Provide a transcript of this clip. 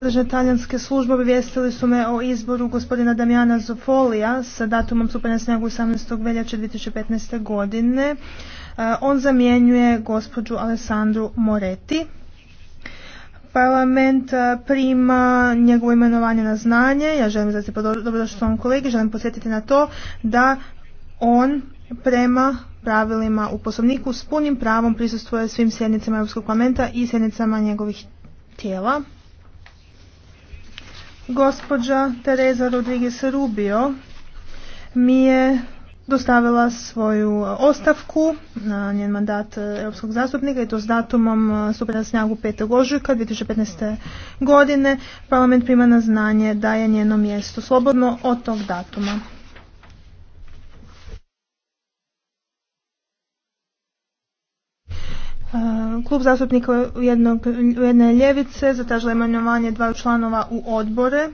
Nadležne talijanske službe obavijestili su me o izboru gospodina Damjana Zofolija sa datumom stupanja na snagu 18. veljače 2015. godine. E, on zamjenjuje gospođu Alessandru Moretti. Parlament e, prima njegovo imenovanje na znanje. Ja želim da se dobrodošli kolegi. Želim posjetiti na to da on prema pravilima u poslovniku s punim pravom prisustvuje svim sjednicama Europskog parlamenta i sjednicama njegovih tijela. Gospođa Teresa Rodriguez Rubio mi je dostavila svoju ostavku na njen mandat e, europskog zastupnika i to s datumom e, stupanja na snagu 5. ožujka 2015. godine. Parlament prima na znanje da je njeno mjesto slobodno od tog datuma. Eh, Klub zastupnika u jedne ljevice zatražila je imenovanje dva članova u odbore.